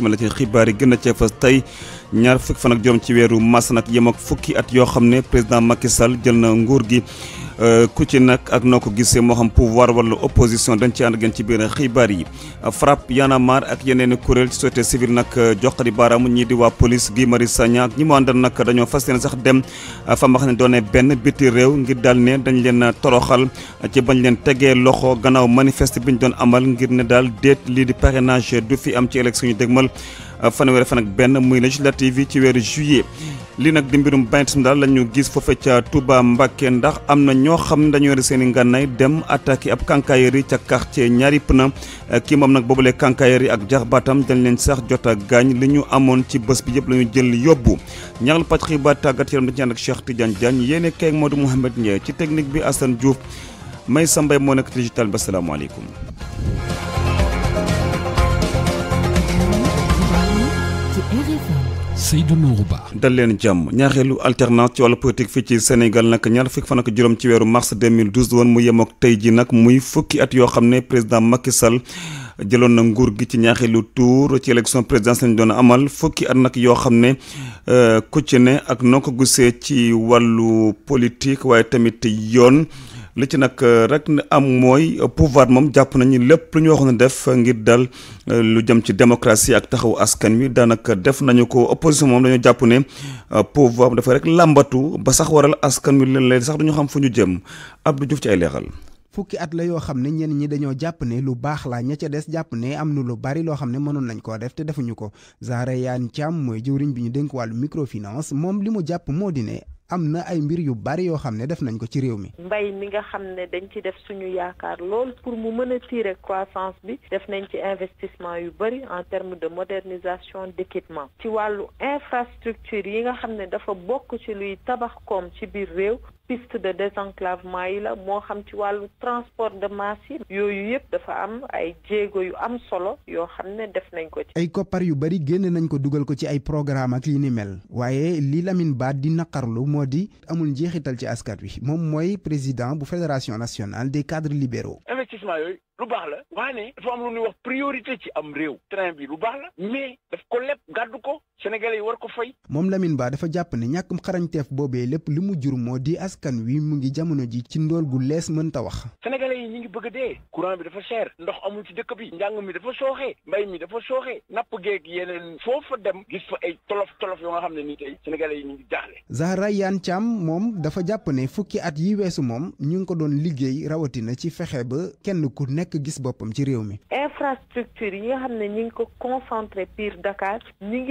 ma la ci xibaar yi gën a cee fas tey ñaar fukki fan ak juróom ci weeru mars nag yem ak fukki at yoo xam ne président Macky jël na nguur gi euh, ku ci nag ak noo ko gisee moo xam pouvoir wala opposition dañ ci ànd gën ci biir xibaar yi FRAPP Y'en a ak yeneen i kuréel société civile nag euh, joxati baaraamu ñii di waa police Guy Marius Sagna ak ñi mu àndal nag dañoo fas yéene sax dem euh, fa ma xam ne doone benn biti réew ngir daal ne dañ leen toroxal ci fanweeri fan ak benn muy législative yi ci weeru juillet li nag di mbirum bant daal la ñu gis foofe ca Touba Mbacké ndax am na ñoo xam ne dañoo yore seen i ngànnaay dem attaqué ab kànkaayeri ca quartier ñaari pna kii moom nag boobulee kànkaayeri ak jax baatam dañ leen sax jot a gaañ li ñu amoon ci bës bi yëpp la ñu jël yóbbu ñaxal pàcc xibaar tàggat yaram dañu ànd ak Cheikh Tidiane Diagne yéene keeg Modou Mouhamed Ndiaye ci technique bi Assane Diouf may sambay moo nekk digital Seydou dal leen jàmm ñaareelu alternance ci wàllu politique fii ci Sénégal nag ñaar fukki fan ak juróom ci weeru mars 2012 woon mu yem ak tey ji nag muy fukki at yoo xam ne président Macky Sall jëloon na nguur gi ci ñaareelu tour ci élection présidentielle lañ doon amal fukki at nag yoo xam ne euh, ku ci ne ak noo ko gisee ci wàllu politik waaye tamit yoon li ci nag euh, rek am mooy euh, pouvoir moom jàpp nañu lépp lu ñu waxoon def ngir dal euh, lu jëm ci démocratie ak taxawu askan wi daanaka def nañu ko opposition moom dañoo jàpp ne pouvoir dafa rek làmbatu ba sax waral askan wi leen sax duñu xam fu ñu jëm Abdou Diouf ci ay leexal fukki at la yoo xam ne ñenn ñi dañoo jàpp ne lu baax laa ña ca des jàpp ne am nu lu bari loo xam ne mënoon nañ koo def te defuñu ko Zahra Iyane Thiam mooy jëwriñ bi ñu denk wàllu microfinance moom li mu jàpp moo di ne am na ay mbir yu bari yoo xam ne def nañ ko ci réew mi. mbay mi nga xam ne dañ ci def suñu yaakaar lool pour mu mën a tirer croissance bi def nañ ci investissement yu bari en termes de modernisation d'équipement ci wàllu infrastructure yi nga xam ne dafa bokk ci luy tabax koom ci biir réew piste de désenclavement yi la moo xam ci wàllu transport de masse yi yooyu yëpp dafa am ay jéego yu am solo yoo xam ne def nañ ko ci ay koppar yu bari génn nañ ko dugal ko ci ay programme ak li ni mel waaye li Lamine Ba di naqarlu moo di amul njeexital ci askan wi moom mooy président bu fédération nationale des cadres libéraux investissement yooyu lu baax la waane dafa am lu ñuy wax priorité ci am réew train bi lu baax la mais daf ko lépp gàddu ko sénégalais yi war ko fay moom Lamine Ba dafa jàpp ne ñàkkum xarañteef boobee lépp li mu jur moo di askan askan wi mu ngi jamono ji ci ndool gu lees mënta wax sénégalais yi ñu ngi bëgg dee courant bi dafa cher ndox amul ci dëkk bi njàng mi dafa sooxee mbay mi dafa sooxee napp géeg yeneen foofa dem gis fa ay tolof tolof yoo nga xam ne ni tey sénégalais yi ñu ngi jaaxle Zahra Iyane Thiam moom dafa jàpp ne fukki at yi weesu moom ñu ngi ko doon liggéey rawatina ci fexe ba kenn ku nekk gis boppam ci réew mi infrastructure yi nga xam ne ñu ngi ko concentré pire Dakar ñu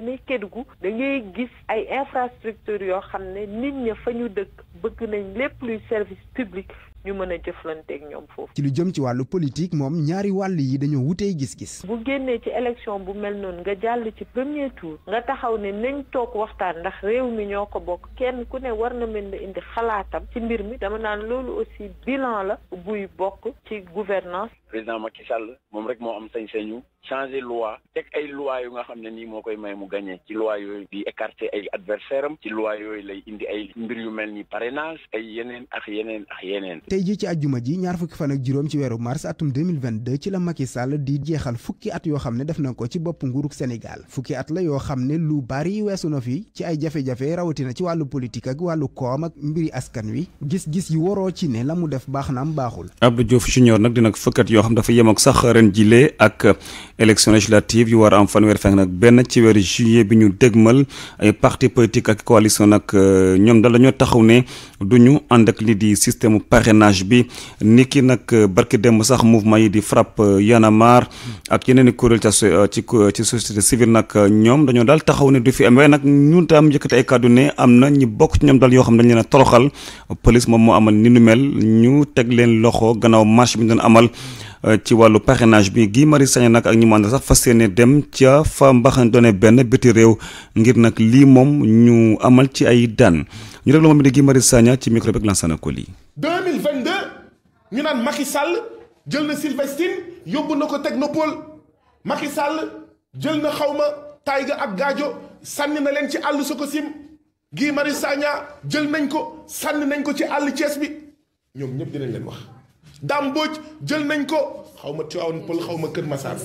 demee gu da ngay gis ay infrastructures yoo xam ne nit ña fa ñu dëkk bëgg nañ lépp luy service public ñu mën a jëflanteeg ñoom foofu. ci lu jëm ci wàllu politique moom ñaari wàll yi dañoo wutee gis-gis. bu génnee ci élection bu mel noonu nga jàll ci premier tour. nga taxaw ne nañ toog waxtaan ndax réew mi ñoo ko bokk kenn ku ne war na mën indi xalaatam. ci mbir mi dama naan loolu aussi bilan la buy bokk ci gouvernance président Macky moom rek moo am sañ-sañu changer loi teg ay loi yu nga xam ne nii moo koy may mu gagné ci loi yooyu di écarter ay adversaire am ci loi yooyu lay indi ay mbir yu mel ni parrainage ay yeneen ak yeneen ak yeneen tey ji ci àjjuma ji ñaar fukki fan ak juróom ci weeru mars atum 2022 ci la Macky Sall di jeexal fukki at yoo xam ne def na ko ci bopp nguurug Sénégal fukki at la yoo xam ne lu bari weesu na fi ci ay jafe-jafe rawatina ci wàll politique ak wàllu koom ak mbiri askan wi gis-gis yi waroo ci ne la mu def baax na am baaxul yoo xam dafa yem ak sax ren jile ak élection législative yu war am fanweer fenk nag benn ci weeru juillet bi ñu dégmal ay parti politique ak coalition nag euh, ñoom daal dañoo taxaw ne du ñu ànd ak lii di système parrainage bi ni ki nag euh, barki démb sax mouvement yi di frapp euh, yanamar ak yeneen i kuréel ca ci ci société civile nag ñoom dañoo daal taxaw ne du fi am waaye nag ñun tam yëkkati ay kàddu ne am na ñi bokk ci ñoom daal yoo xam dañ leen a toroxal police moom moo amal ni nu mel ñu teg leen loxo gannaaw marche bi ñu doon amal Euh, ci wàllu parrainage bi gii Marius Sagna nag ak ñi sax fa yéene dem ca fa mbaxan doone benn biti réew ngir nag lii moom ñu amal ci ay daan ñu déglu moom it Guy Marius Sagna ci micro beeg Lansana Coly. 2022 ñu naan Macky jël na Sylvestine yóbbu na ko technopole Macky Sall jël na xawma Taïga ak Gaajo sànni na leen ci àll Sococim Guy Marius Sagna jël nañ ko sànni nañ ko ci àll Thiès bi ñoom ñëpp dinañ leen wax. Dame Mbodj jël nañ ko xaw ma Tivaouane Pël xaw ma Kër Massar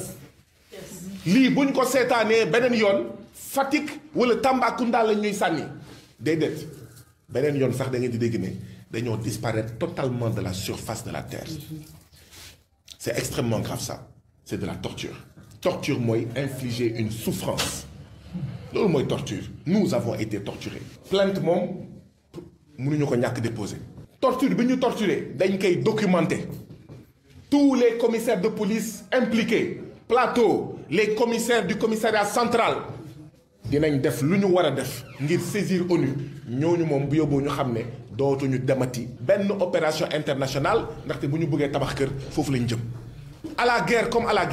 lii buñ ko seetaanee beneen yoon Fatick wala Tambacounda lañ ñuy sànni déedéet beneen yoon sax da ngeen di dégg ne dañoo disparaître totalement de la surface de la terre c'est extrêmement grave ça c'est de la torture torture mooy infliger une souffrance loolu mooy torture nous avons été torturés plainte moom mënuñu ko ñàkk déposer torture bi ñu torturé dañ koy documenté tous les commissaires de police impliqués plateau les commissaires du commissariat central dinañ def lu ñu war a def ngir saisir ONU ñu moom bu yóbboo ñu xam ne dootuñu demati benn opération internationale ndaxte bu ñu bëggee tabax kër foofu lañ jëm à la comme à la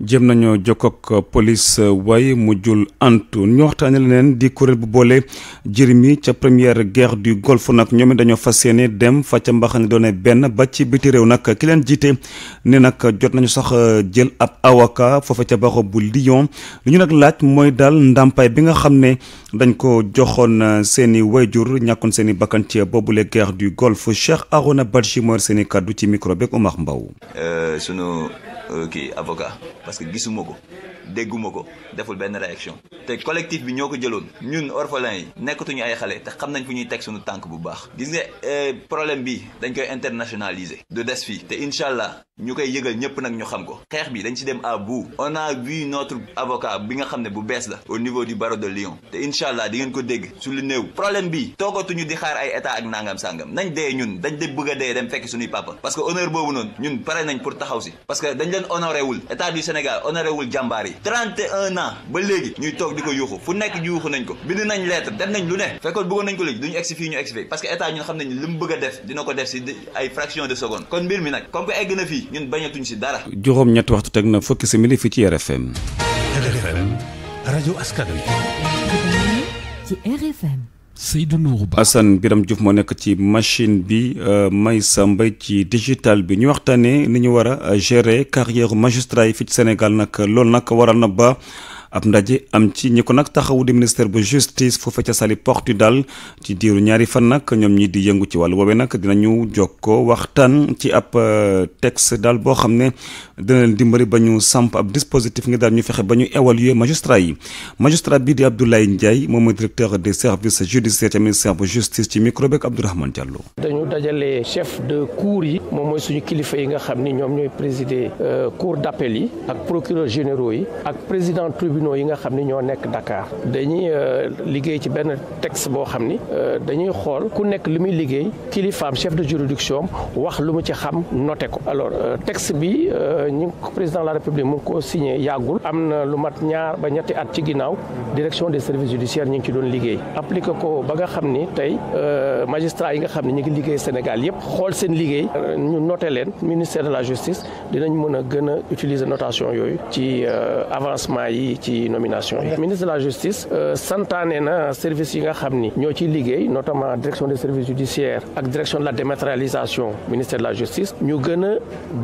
jëm nañoo jokkoog police euh, waaye mujjul antu ñu waxtaane leen di kuréel bu boole jirmi ca première guerre du golfe nag ñoom it dañoo fas yéene dem fa ca mbaxane doone benn ba ci biti réew nag ki leen jiite ne nag jot nañu sax euh, jël ab awaka foofa ca baxo bu Lyon li ñu nag laaj mooy daal ndàmpaay bi nga xam ne dañ ko joxoon euh, seeni wayjur ñàkkoon seeni bakkan ci boobule guerre du golfe Cheikh Arona Badji mooy seeni kàddu ci micro beeg Omar Mbaw sunu Euh, kii avocat parce que gisuma ko dégguma ko deful benn réaction te collectif bi ñoo ko jëloon ñun orphelins yi nekkatuñu ay xale te xam nañ fu ñuy teg suñu tànk bu baax gis nga euh, problème bi dañ koy internationaliser du des fii te incha ñu koy yëgal ñëpp nag ñu xam ko xeex bi dañ ci dem à bout on a vu notre avocat bi nga xam ne bu bees la au niveau du barreau de Lyon te incha allah di ngeen ko dégg su lu néew problème bi toogatuñu di xaar ay état ak nangam sangam nañ dee ñun dañ de bëgg a dee dem fekk suñuy papa parce que honneur taxaw si parce que dañ leen honoré wul état du Sénégal honoré jàmbaar yi 31 ans ba léegi ñuy toog di ko yuuxu fu nekk yuuxu nañ ko bind nañ lettre def nañ lu ne fekkoon bëggoon nañ ko léegi duñu egsi fii ñu egsi fii parce que état ñun xam nañ li mu bëgg a def dina ko def si ay fraction de seconde kon mbir mi nag comme que egg na fii ñun bañatuñ si dara juróom ñetti waxtu teg na fukki simili fii ci RFM RFM rajo askan wi ci RFM Seydou Assane Biram Diouf moo nekk ci machine bi euh, may sa mbay ci digital bi ñu waxtaanee ni ñu war a gérer carrière magistrat yi fii ci Sénégal nag loolu nag waral na ba. ab ndaje am ci ñi ko nag taxawu di ministère bu justice foofe ca Saly Portudal ci diiru ñaari fan nag ñoom ñi di yëngu ci wàllu woowee nag dinañu jokkoo waxtaan ci ab euh, texte daal boo xam ne dina leen dimbali ba ñu samp ab dispositif ngir daal ñu fexe ba ñu évaluer magistrat yi magistrat bii di Abdoulaye Ndiaye moom mooy directeur des services judiciaires ca ministère bu justice ci micro beeg Abdourahmane yi moom mooy suñu tribunaux yi nga xam ni ñoo nekk Dakar dañuy euh, liggéey ci benn texte boo xam ni euh, dañuy xool ku nekk lu muy liggéey kilifaam chef de juridiction wax lu mu ci xam note ko alors euh, texte bi ñu président de la république mu ko signé yàggul am na lu mat ñaar ba ñetti at ci ginnaaw direction de service judiciaires ñu ngi ci doon liggéey appliqué ko ba nga xam ni tey magistrat yi nga xam ne ñu ngi liggéey Sénégal yëpp xool seen liggéey ñu noté leen ministère de la justice dinañ mën a gën a notation yooyu ci nomination yi ministre de la justice euh, santaane na service yi nga xam ni ñoo ciy liggéey notamment direction des services judiciaires ak direction de la dématérialisation ministère de la justice ñu gën a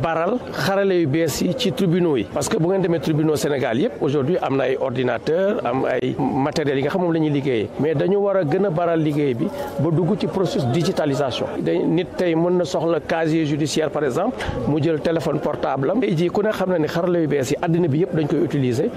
baral xarale yu bees yi ci tribunaux yi parce que bu ngeen demee tribunaux Sénégal yëpp aujourd'hui am na ay ordinateur am ay matériels yi nga xam moom la ñuy liggéeyee mais dañu war a gën a baral liggéey bi ba dugg ci processus digitalisation nit tey mën na soxla casier judiciaire par exemple mu jël téléphone portable am tey xam na ne xarale yu bees yi àddina bi yëpp dañ koy utiliser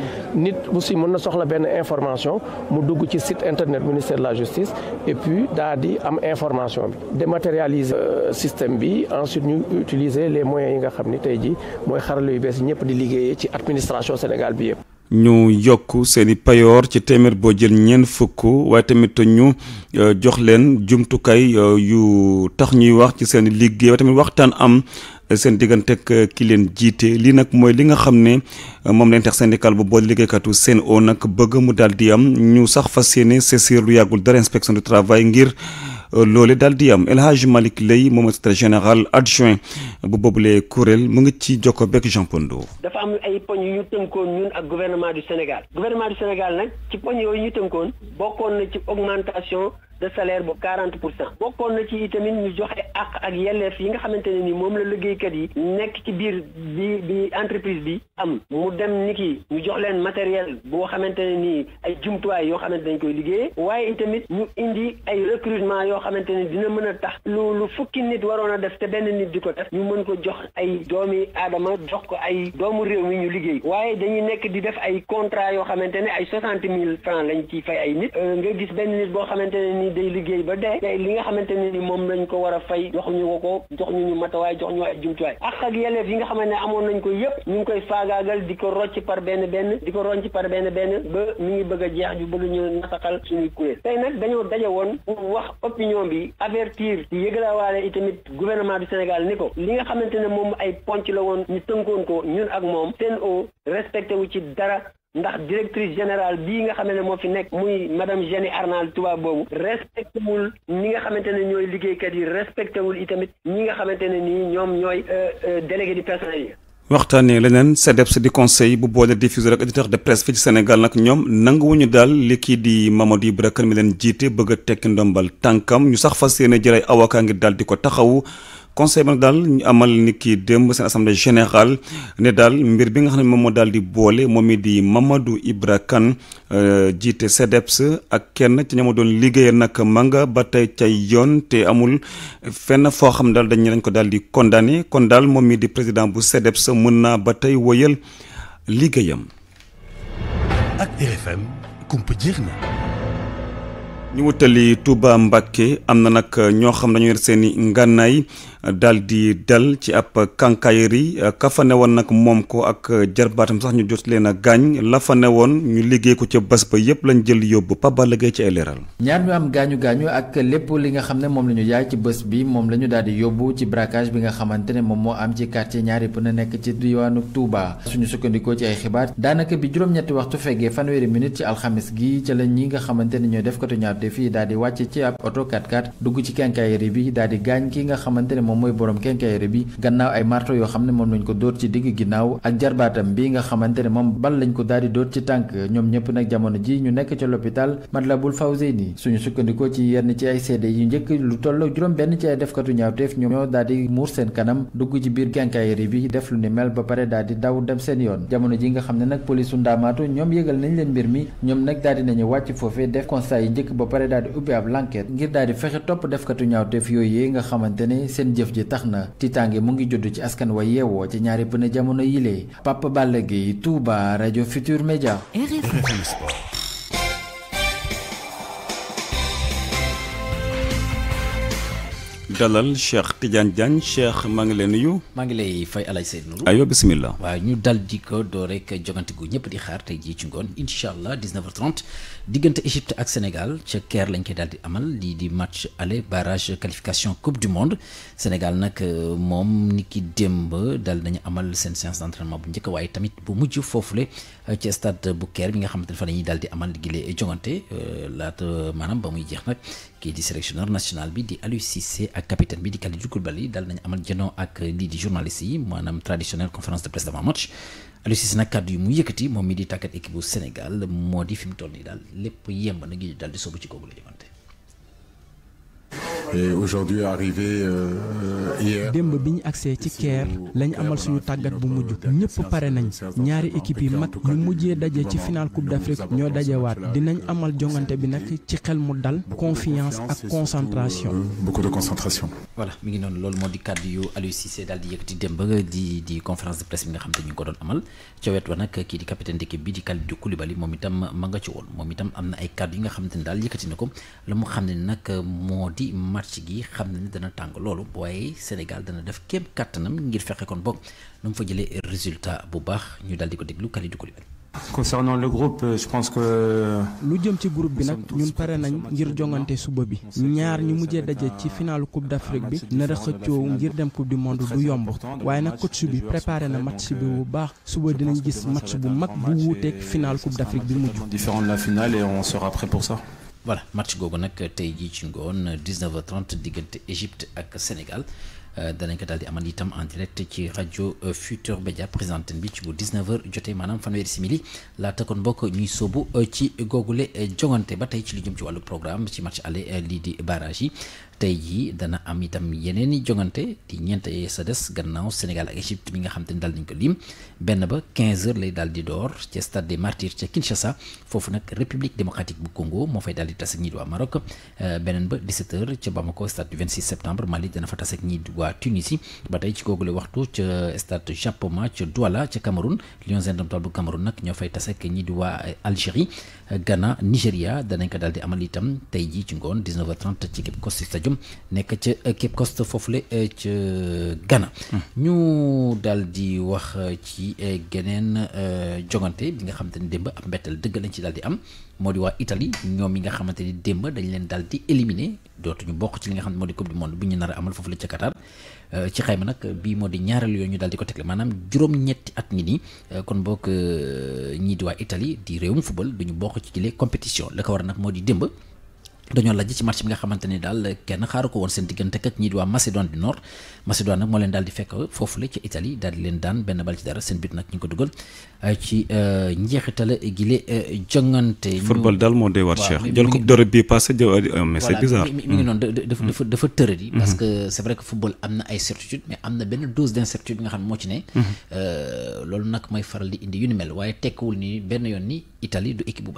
nit aussi mën na soxla benn information mu dugg ci site internet ministère de la justice et puis daa di am information bi dématérialiser euh, système bi ensuite ñu utiliser les moyens yi nga xam ni tey jii mooy xarala yu bees ñëpp di liggéey ci administration Sénégal bi yëpp. ñu yokk seeni payoor ci téeméer boo jël ñeent fukk waaye tamit ñu euh, jox leen jumtukaay euh, yu tax ñuy wax ci seen liggéey waaye tamit waxtaan am. seen digganteeg euh, ki leen jiite li nag mooy li nga xam ne euh, moom la intersyndical bu boole liggéeykatu Sen'Eau nag bëgg mu daal di am ñu sax fas yéene saisir lu yàggul dara inspection du travail ngir euh, loole daal di am El Hadj Malick Lay moom secrétaire général adjoint bu boobule kuréel mu ngi ci jokko bekk Jean Pondo. dafa am ay poñ yu ñu tënkoon ñun ak gouvernement du Sénégal. gouvernement du Sénégal nag ci poñ yooyu ñu tënkoon bokkoon na ci augmentation. de salaire boobu quarante pour cent bokkoon na ci itamit ñu joxe àq ak yelleef yi nga xamante ne ni moom la liggéeykat yi nekk ci biir bi bi entreprise bi am mu dem ni ki ñu jox leen matériel boo xamante ne nii ay jumtuwaay yoo xamante dañ koy liggéeyee waaye itamit ñu indi ay recrutement yoo xamante ne dina mën a tax lu lu fukki nit waroon a def te benn nit di ko def ñu mën ko jox ay doomi aadama jox ko ay doomu réew mi ñu liggéey waaye dañuy nekk di def ay contrat yoo xamante ne ay soixante lañ ciy fay ay nit euh, ni day liggéey ba dee te li nga xamante ne ni moom lañ ko war a fay jox ñu ko ko jox ñu ñu matawaay jox ñu ay jumtuwaay ak ak yelleef yi nga xamante ne amoon nañ ko yëpp ñu ngi koy faagaagal di ko rocc par benn benn di ko ronc par benn benn ba mu ngi bëgg a jeex ju bëgg ñu nasaxal suñuy kuréel tey nag dañoo daje woon pour wax opinion bi avertir di yëgalawaale itamit gouvernement du Sénégal ni ko li nga xamante ne moom ay ponc la woon ñu tënkoon ko ñun ak moom seen o respecté wu ci dara ndax directrice générale bii nga xam ne moo fi nekk muy madame Jenny Arnal Touba boobu respecté wul nga xamante ne ñooy liggéeykat yi respecté wul itamit ñi nga xamante ne nii ñoom ñooy euh, euh, délégué du personnel yi. waxtaanee leneen CDEPS di conseil bu boole diffuseur ak éditeur de presse fii ci Sénégal nag ñoom nanguwuñu daal li kii di Mamadou Ibra Kane mi leen jiite bëgg a tekki ndombal tànkam ñu sax fa yéene jëlay avocat ngir daal di ko taxawu. conseil ba nag daal ñu amal nit ki démb seen assemblée générale ne daal mbir bi nga xam ne moom moo daal di boole moom it di Mamadou Ibra Kane euh, jiite CDEPS ak kenn ci ma doon liggéey nag manga ba tey ca yoon te amul fenn foo xam daal dañ dañ ko daal di condamné kon daal moom it di président bu CDEPS mën naa ba tey wëyal liggéeyam. ak RFM ñu wutali Touba Mbacke am na nag ñoo xam dañu yor seen i ngànnaay daal di dal ci ab kànkaayri ka fa woon nag moom ko ak jarbaatam sax ñu jot leen a gaañ la fa newoon ñu liggéey ko ca bés ba yépp lañ jël yóbbu Papa Lagay ci ay leeral. ñaar ñu am gaañu gaañu ak lépp li nga xam ne moom la ñu jaay ci bés bi moom la ñu daal di yóbbu ci braquage bi nga xamante ne moom moo am ci quartier ñaari pënë nekk ci diwaanu Touba. suñu sukkandikoo ci ay xibaar daanaka bi juróom-ñetti waxtu feggee fanweeri minute ci alxamis gi ca la ñi nga xamante ne ñooy def ko ñaar ñaawte fii daal di wàcc ci ab oto 4x4 dugg ci kenkaayere bi daal di gaañ ki nga xamante ne moom mooy borom kenkaayere bi gannaaw ay marto yoo xam ne moom lañ ko dóor ci digg ginnaaw ak jarbaatam bi nga xamante ne moom bal lañ ko daal di ci tànk ñoom ñëpp nag jamono ji ñu nekk ca l'hôpital Matlaboul Fawzeyni suñu sukkandikoo ci yenn ci ay seede yu njëkk lu tolloo juróom benn ci ay defkatu ñaawteef ñoom ñoo daal di muur seen kanam dugg ci biir kenkaayere bi def ni mel ba pare daal di daw dem seen yoon jamono ji nga xam ne nag polisu ndaamaatu ñoom yëgal nañ leen mbir mi pare daal di ubbi ab l'enquête ngir daal di fexe topp defkatu ñaawteef yooyu nga xamante ne seen jëf ji tax na tiitaange mu ngi juddu ci askan wa yeewoo ci ñaari pën jamono yile Papa Balla Gueye Touba rajo Futur Média dalal Cheikh Tidiane Diagne Cheikh maa ngi lay nuyu. maa ngi lay fay alay Hadj Seydou Nourou. aywa bisimilah. waaw ñu dal di ko door rek jogante gu ñëpp di xaar tey jii ci ngoon incha allah 19h30 diggante Égypte ak Sénégal ca Caire lañ koy daal di amal lii di match aller barrage qualification coupe du monde Sénégal nag euh, moom ni ki démb dal nañu amal seen séance d'entraînement bu njëkk waaye tamit bu mujj foofule euh, ci stade bu Caire bi nga xamante ne fa la ñuy daal di amal liggéey jogante euh, laata maanaam ba muy jeex nag. kii di sélectionneur national bi di Aliou ak capitaine bi di Kalidou Koulibaly dal nañ amal jënoo ak lii di journaliste yi maanaam traditionnel conférence de presse d'avant match Aliou Cissé nag kàddu yu mu yëkkati moom mi di tàggat équipe bu Sénégal moo di fi mu toll nii daal lépp yemb na ngi dal di soobu ci googu la jëmante et euh, démb bi ñu agsee ci keer lañ amal suñu tàggat bu mujj ñëpp pare nañ ñaari équipe yi mag ñu mujjee daje ci final coupe d'Afrique ñoo dajewaat dinañ amal jongante bi nag ci xel mu dal confiance ak concentration. Euh, beaucoup de concentration. voilà mi ngi noonu loolu moo di kàddu yu Aliou Cissé daal di yëkkati démb di di conférence de presse bi nga xam te ñu ngi ko doon amal ca wet wa nag kii di capitaine d'équipe bi di Kalidou Koulibaly moom itam ma nga ci woon moom itam am na ay kàddu yi nga xam te daal y na ko la mu xam nag moo match gi xam na ni dana tàng loolu waaye Sénégal dana def kéem bu baax ñu daal di ko déglu Kalidou Koulibaly concernant le groupe euh, je pense que. lu jëm ci groupe bi nag ñun pare nañ ngir jongante suba bi ñaar ñu mujjee daje ci finalu coupe d'Afrique bi nar a xëccoo ngir dem coupe du monde du yomb waaye nag coach bi préparé na match bi bu baax suba dinañ gis match bu mag bu wuuteeg final coupe d'Afrique bi mujj. voilà match googu nag tey jii ci ngoon 19h30 diggante Égypte ak Sénégal euh, danañ ko daal di amal itam en direct ci rajo euh, Futur Média présenté bi ci bu 19h jotee maanaam fanweeri simili laata kon bokk ñuy sóobu euh, ci googule jongante ba tey ci li jëm ci wàllu programme ci match aller lii di barrage yi. tey jii dana am yeneen i jongante di ñeent yi sa des gannaaw Sénégal ak Égypte mi nga xam te ni daal ko lim benn ba 15 lay daal door ci stade des Martyrs ca Kinshasa foofu nag République démocratique bu Congo moo fay daal di ñi di waa Maroc euh, beneen ba 17 ca Bamako stade septembre Mali dana fa tase ñi di waa Tunisie ba tey ci googule waxtu ca stade Japoma ca Douala ca Cameroun Lions indomptables bu Cameroun nag ñoo fay tase ñi di waa euh, Algérie Seck nekk ca euh, Cape foofu la euh, ca euh, Ghana. Hmm. ñu daal di wax ci geneen jogante bi nga xamante ni démb ab mbettal dëgg lañ ci daal di am moo di waa itali ñoom yi nga xamante ni démb dañ leen daal di éliminer dootuñu bokk ci li nga xam ne moo di coupe du monde bu ñu nar a amal foofu la ca Qatar ci xayma nag bii moo di ñaareelu yoon ñu daal di ko tegle maanaam juróom-ñetti at ngi nii kon bokk ñii di waa Italie di réewum football ñu bokk ci les compétitions la ko war a nag moo di démb. dañoo lajj ci match bi nga xamante ni daal kenn xaaru ko woon seen diggante ak ñii di waa Macédoine du Nord Macédoine nag moo leen daal di fekk foofule ci Italie daal di leen daan benn bal ci dara seen bit nag ñu ko dugal euh, ci euh, njeexitale gile euh, jongante. football ngi noonu dafa dafa dafa tëradi. Hmm. parce que c'est vrai que football am na ay certitude mais am na benn dose d'incertitude bi nga xam ne moo ci ne. Hmm. loolu nag mooy faral di indi yu ni mel waaye tekkiwul benn yoon ni Italie du équipe bu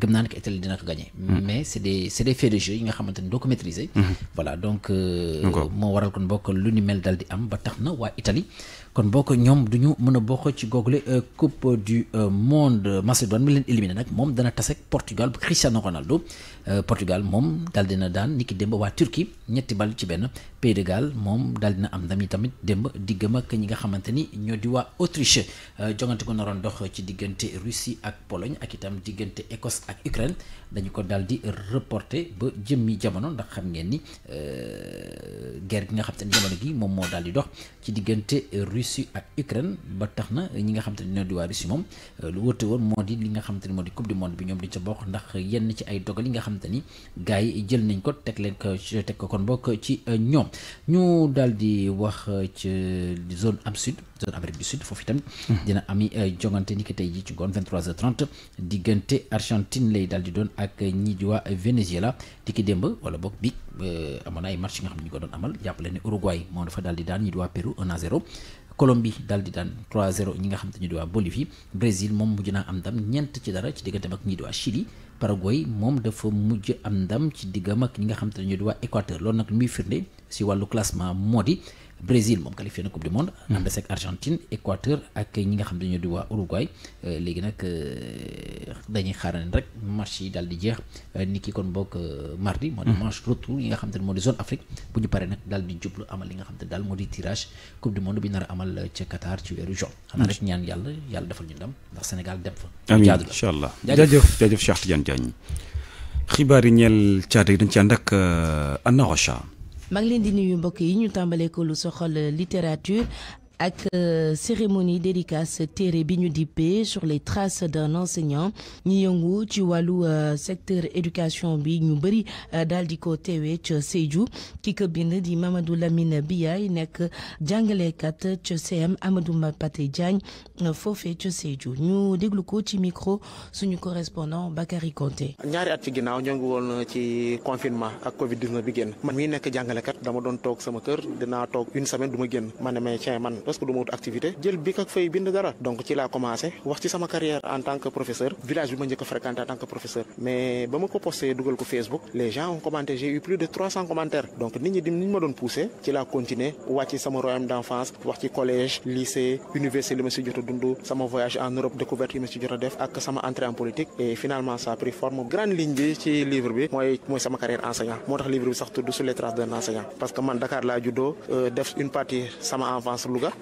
gëm naa ne que Italie dina ko gagné. Hmm. mais c' est de jeu yi nga xamante doo ko maîtriser. Hmm. voilà donc. Euh, moo waral kon bokk lu ni mel dal di am ba tax na waa Italie. kon boo ko ñoom du ñu mën a bokk ci google euh, coupe du euh, monde Macédoine mi leen éliminé nag moom dana tase ak Portugal bu Cristiano Ronaldo Portugal moom daal dina daan niki démb waa Turquie ñetti bal ci benn Pays de Galles moom daal dina am ndam yi tamit démb diggam ak ñi nga xamante ni ñoo di wa ko naroon dox ci diggante Russie ak Pologne ak itam diggante Écosse ak Ukraine dañu ko daal di reporter ba jëmmi jamono ndax xam ngeen ni euh, guerre bi nga xam te ne jamono gi moom moo daal di dox ci diggante Russie ak Ukraine ba tax na ñi nga xam te ne ñoo di waa Russie moom euh, lu wóote woon moo di li nga xam ne moo di coupe du monde bi ñoom duñ ca bokk ndax yenn ci ay dogal yi nga xam te ni gars yi jël nañ ko teg leen ko teg ko kon bokk ci euh, ñoom ñu daal di wax ci zone am sud zone Amérique du Sud foofu itam hmm. dina ami jongante ni ki tey ji ci ngoon 23h30 diggante Argentine Argentine lay daal di doon ak ñii di waa Venezuela tiki démb wala boog bi euh, amoon ay match nga xam ne ñu ko doon amal jàppale ne Uruguay moom dafa daal di daan ñii di waa à 0. Colombie daal di daan 3-0 ñi nga xam te ñu di waa Bolivie Brésil moom mujj naa am ndam ñeent ci dara ci digganteem ak ñi di waa Chili Paraguay moom dafa mujj am ndam ci diggam ak ñi nga xam te ñu di waa Équateur loolu nag muy firnde si wàllu classement moo di Brésil moom qualifié na coupe du monde. Hmm. ànd seeg Argentine Équateur ak ñi nga xam ne ñoo di waa Uruguay euh, léegi nag euh, dañuy xaaran rek marche yi daal di jeex euh, ni ki kon bokk mardi. moo di hmm. match retour yi nga xam te ne moo di zone Afrique bu ñu paree nag daal di jublu amal li nga xam te ne daal moo di tirage coupe du monde bi nar a amal ca Qatar ci weeru juin. xam naa hmm. rek ñaan yàlla yàlla defal ñu ndam ndax Sénégal dem fa. amiin incha allah jaajëf jaajëf Cheikh Tidiane xibaar yi ñeel caate yi dañ ci ànd ak Anna Rocha maa leen di nuyu mbokk yi ñu tàmbalee ko lu soxal littérature ak euh, cérémonie dédicace téere bi ñu dippee sur les traces d'un enseignant ñi yëngu ci wàllu euh, secteur éducation bi ñu bëri euh, daal di ko teewee ca Sédhiou ki ko bind di Mamadou Lamine yaay nekk jàngalekat ca CM Amadou Mapate Diagne foofee ca Sédhiou ñu déglu ko ci micro suñu correspondant Bakary Konté. ñaari at ci ginnaaw ñoo ngi woon ci confinement ak Covid 19 bi génn man mii nekk jàngalekat dama doon toog sama kër dinaa toog une semaine du ma génn ma ne mais man parce que du ma wut activité jël bi ak fay bind dara donc ci laa commencé wax ci sama carrière en tant que professeur village bi ma njëkk a en tant que professeur mais ba ma ko posté dugal ko Facebook les gens ont commenté j'ai eu plus de 300 commentaires donc nit ñi di ni ma doon poussé ci laa continuer wàcc sama royaume d'enfance wax ci collège lycée université li jot a dund sama voyage en Europe découverte yi ma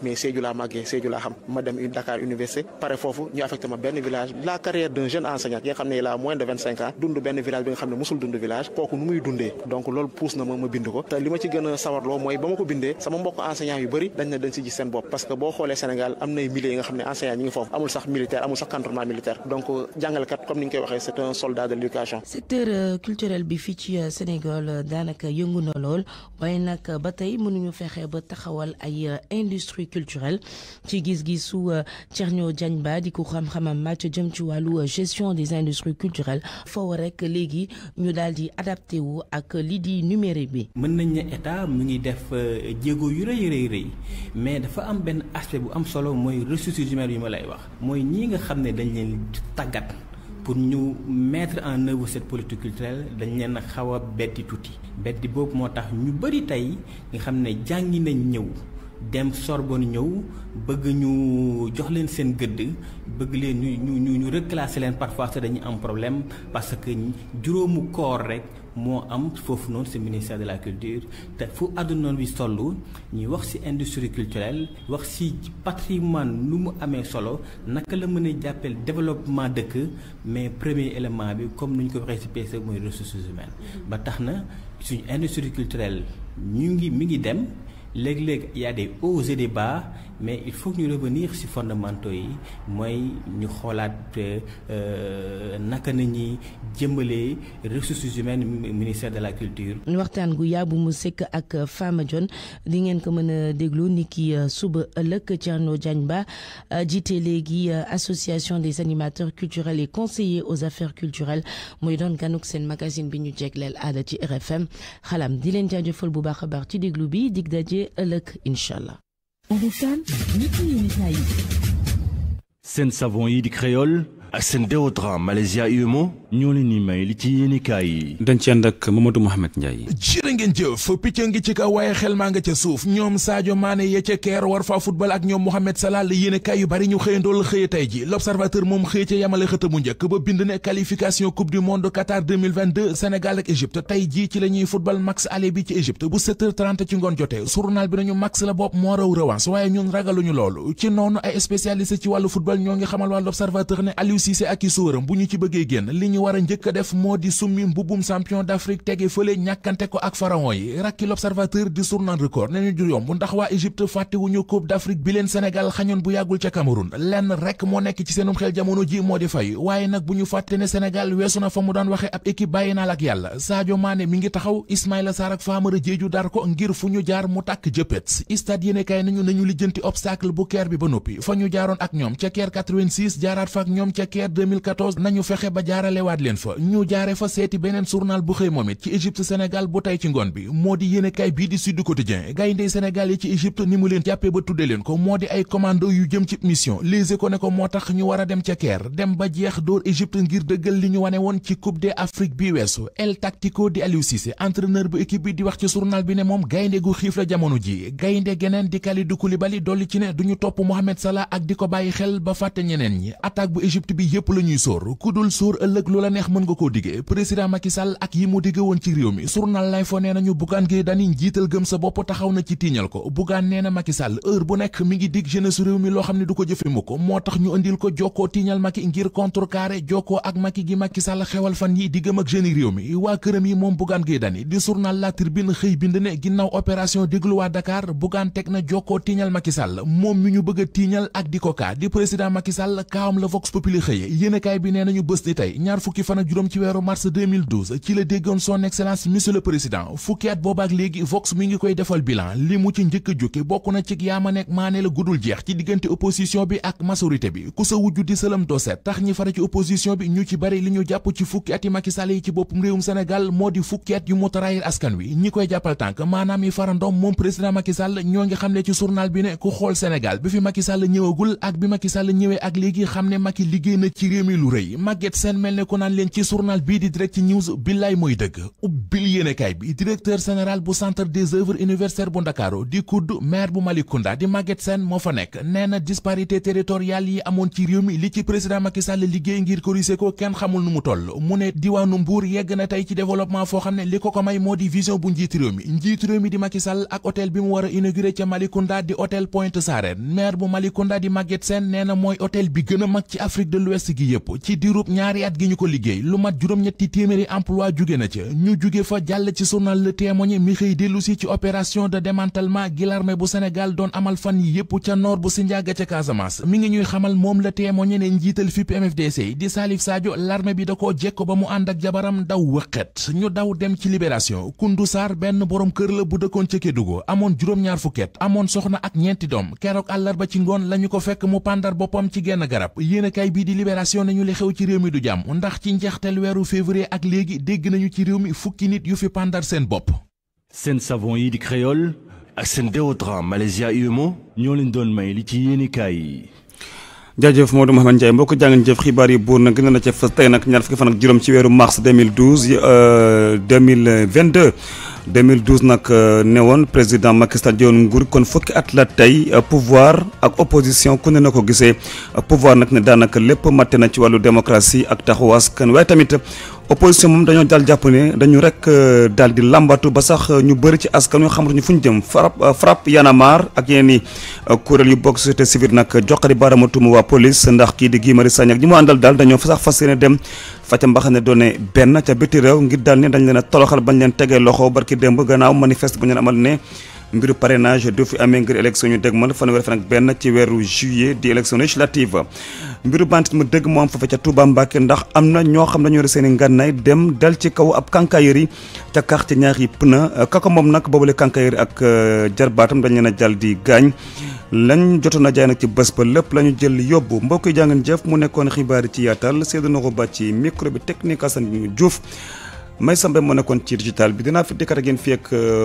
mais Sédhiou laa màggee Sédhiou laa xam ma dem Dakar université pare foofu ñu affecté ma benn village la carrière d'un jeune enseignant ki nga xam ne il a moins de vingt cinq ans dund benn village bi nga xam ne musul dund village kooku nu muy dundee donc loolu pousse na ma bind ko li ma ci gën sawarloo mooy ba ma ko bindee sama mbokk enseignant yu bëri dañ na dañ si seen bopp parce que boo xoolee Sénégal am nay milliers yi nga xam ne enseignant fruits culturels ci gis-gisu euh, Thierno Diagne Ba di ko xam-xamam màcc jëm ci wàllu euh, gestion des industries culturelles foofu rek léegi ñu daal di adapté wu ak li di numérique bi. mën nañ ne état mu ngi def euh, jéego yu rëy rëy rëy mais dafa am benn aspect bu am solo mooy ressources humaines yi ma lay wax mooy ñii nga xam ne dañ leen tàggat. pour ñu mettre en œuvre cette politique culturelle dañ leen a xaw a betti tuuti betti boobu moo tax ñu bëri tey nga xam ne jàngi nañ ñëw dem Sorbonne ñëw bëgg ñu jox leen seen gëdd bëgg leen ñu ñu ñu ñu reclasser leen parfois sax dañuy am problème parce que juróomu koor rek moo am foofu noonu si ministère de la culture te fu àdduna bi toll ñuy wax si industrie culturelle wax si patrimoine nu mu amee solo naka la mën a jàppale développement dëkk mais premier élément bi comme nu ñu ko waxee si PC mooy ressources humaines ba tax na suñu industrie culturelle ñu ngi mi ngi dem. léegi léeg y a des hauts des bas mais il faut que ñu revenir ci fondamentaux yi mooy ñu xoolaat euh, naka na ñuy jëmbalee ressources humaines ministère de la culture. waxtaan gu yaabu mu sekk ak Fama Dione di ngeen ko mën a déglu ni ki euh, suba ëllëg Thierno Diagne Ba euh, jiite léegi association des animateurs culturels et conseillers aux affaires culturelles mooy doon ganuk seen magasin bi ñu jegleel aada ci RFM xalam di leen jaajëfal bu baax a baax ci déglu bi dig jotee ëllëg incha allah. seen savon yii di créole ak seen déodorant Malaysia UMO ñoo leen ni may li ci yéenekaay yi. dañ ci ànd ak Mamadou Mouhamed Ndiaye. jërë ngeen jëf picc ngi ci kaw waaye xel maa nga ca suuf ñoom Sadio Mané ya ca keer war faa football ak ñoom Mohamed Salah la yéenekaay yu bari ñu xëyandool xëy tey ji l'observateur moom xëy ca yamale xët mu njëkk ba bind ne qualification coupe du monde Qatar 2022 Sénégal ak Égypte tey jii ci la ñuy football match bi ci Égypte bu 7 h ci ngoon jotee journal bi nañu ñu ci bëggee war a njëkk a def moo di summi mbubbum champion d'Afrique tege fële ñàkkante ko ak pharaon yi rakki l'observateur di journal record ne ñu du yomb ndax waa Égypte fàttewuñu coupe d'Afrique bi leen Sénégal xañoon bu yàggul ca Cameroun lenn rek moo nekk ci seenum xel jamono ji moo di fay waaye nag bu ñu fàtte ne Sénégal weesu na fa mu daan waxe ab équipe bàyyi naa la yàlla Sadio mi ngi taxaw Ismaïla Sarr ak Famara Diédhiou dar ko ngir fu ñu jaar indiwaat leen fa ñu jaare fa seeti beneen journal bu xëy moom it ci Égypte Sénégal bu tey ci ngoon bi moo di yéenekaay bii di Sud Quotidien gayndey Sénégal yi ci Égypte ni mu leen jàppee ba ko moo di ay commando yu jëm ci mission Les Échos ne ko moo a dem ca Caire jeex dóor Égypte ngir dëggal li ñu wane woon ci Coupe d'Afrique bi weesu El Tactico di Aliou Cissé entraîneur bu équipe bi di wax ci journal bi ne moom gaynde gu xiif la jamono ji gaynde geneen di Kalidou Koulibaly dolli ci ne duñu topp Mohamed Salah ak di ko bàyyi xel ba fàtte ñeneen ñi attaque bu Égypte bi yépp la ñuy sóor ku dul sóor ëllëg lu la neex mën nga koo diggee président Macky Sall ak yi mu digge woon ci réew mi journal lay nee nañu Bougane Gueye Dany njiital gëm sa bopp taxaw na ci tiiñal ko Bougane nee na Macky Sall heure bu nekk mi ngi dig jeunesse réew mi loo xam ne du ko jëfe mukk moo tax ñu indil ko jokkoo tiiñal Macky ngir contrecarrer jokkoo ak Macky gi Macky Sall xewal fan yi diggam ak jeune réew mi waa këram yi moom Bougane Gueye Dany di journal La Tribune xëy bind ne ginnaaw opération déglu waa Dakar Bougane teg na jokkoo tiiñal Macky Sall mi ñu bëgg a tiiñal ak di ko kaa di président Macky Sall fukki fan ak juróom ci weeru mars 2012 ci la déggoon son excellence monsieur le président fukki at boobaak léegi Vox mi ngi koy defal bilan li mu ci njëkk a jukki bokk na ci yaama nekk maane la gudul jeex ci diggante opposition bi ak majorité bi ku sa wujju di sëlam doset tax ñi fara ci opposition bi ñu ci bari li ñu jàpp ci fukki ati Macky Sall yi ci boppum réewum Sénégal moo di fukki at yu mu trahir askan wi ñi koy jàppal tànk maanaam yi farandoom moom président Macky Sall ñoo ngi xamle ci journal bi ne ku xool Sénégal bi fi Macky Sall ñëwagul ak bi Macky Sall ñëwee ak léegi xam ne Macky liggéey na ci réew mi lu naan leen ci journal bii di direct news billaay mooy dëgg ubbil yéenekaay bi directeur général bu centre des œuvres universitaires bu Ndakaaru di kudd maire bu Malicounda di Maguette moo fa nekk nee disparité territoriale yi amoon ci réew mi li ci président Macky Sall liggéey ngir corriger ko kenn xamul nu mu toll mu ne diwaanu Mbour yegg na tey ci développement foo xam ne li ko ko may moo di vision bu njiit réew mi njiit réew mi di Macky ak hôtel bi mu war nee na mooy hôtel bi gën a mag ci ko liggéey lu mat juróom-ñetti téeméeri emploi jóge na ca ñu jóge fa jàll ci journal Le Témoin mi xëy dellu si ci opération de démantèlement gi l'armée bu Sénégal doon amal fan yi yépp ca nord bu si Sindiaga ca Casamance mi ngi ñuy xamal moom Le Témoin ne njiital FIP MFDC di Salif Sadio l'armée bi da koo jekko ba mu ànd ak jabaram daw wëqet ñu daw dem ci libération Koundou Sarr benn boroom kër la bu dëkkoon ca Kédougou amoon juróom-ñaar fukket amoon soxna ak ñeenti doom keroog àllarba ci ngoon lañu ko fekk mu pàndar boppam ci genn garab yéenekaay bii di libération ne xew ci réew mi du jàmm ndax ci njeexteel weeru février ak léegi dégg nañu ci réew mi fukki nit yu fi pàndar seen bopp. seen savon yi di créole ak seen déodorant Malaysia Umo ñoo leen doon may li ci yéenikaay yi. jaajëf Modou Mouhamed Ndiaye mbokk jàngeen jëf xibaar yi buur nag gën na ca fës tey nag ñaar fukki fan ak juróom ci weeru mars 2012 2022 2012 nag euh, ne woon président Macky Sall jëloon nguur kon fukki at la tey euh, pouvoir ak opposition ku ne na ko gisee euh, pouvoir nag ne daanaka lépp matte na ci wàllu démocratie ak taxawu askan waaye tamit opposition moom dañoo daal jàpp ne dañu rek euh, dal di làmbatu ba sax euh, ñu bëri ci askan wi xamatuñu fu ñu jëm frapp euh, frapp yanamar ak yeneen i kuréel yu bokk société civile nag joxari baaraamu tuuma waa police ndax kii di Guy Marius Sagna ñi mu àndal daal dañoo sax fas yéene dem faca mbaxam ne doone benn ca biti réew ngir daal ne dañ leen a toroxal bañ leen tegee loxo barki démb gannaaw manifeste bu ñu amal ne mbiru parrainage du fi amee ngir élection ñu dégmal fanweeri fan ak benn ci weeru juillet di élection législative mbiru banditisme dëgg moo am foofe ca Touba Mbacke ndax am na ñoo xam dañoo yore seen i ngànnaay dem dal ci kaw ab kànkaayeri ca quartier ñaari pneu kaka moom nag boobule kànkaayeri ak euh, jarbaatam dañ leen a jàll di gaañ lañ joto na jaay nag ci bés ba lépp la ñu jël yóbbu mbokk yi jàngeen jëf mu nekkoon xibaar yi ci yaatal seedu na ko ba ci micro bi technique Assane Diouf may ci digital bi dinaa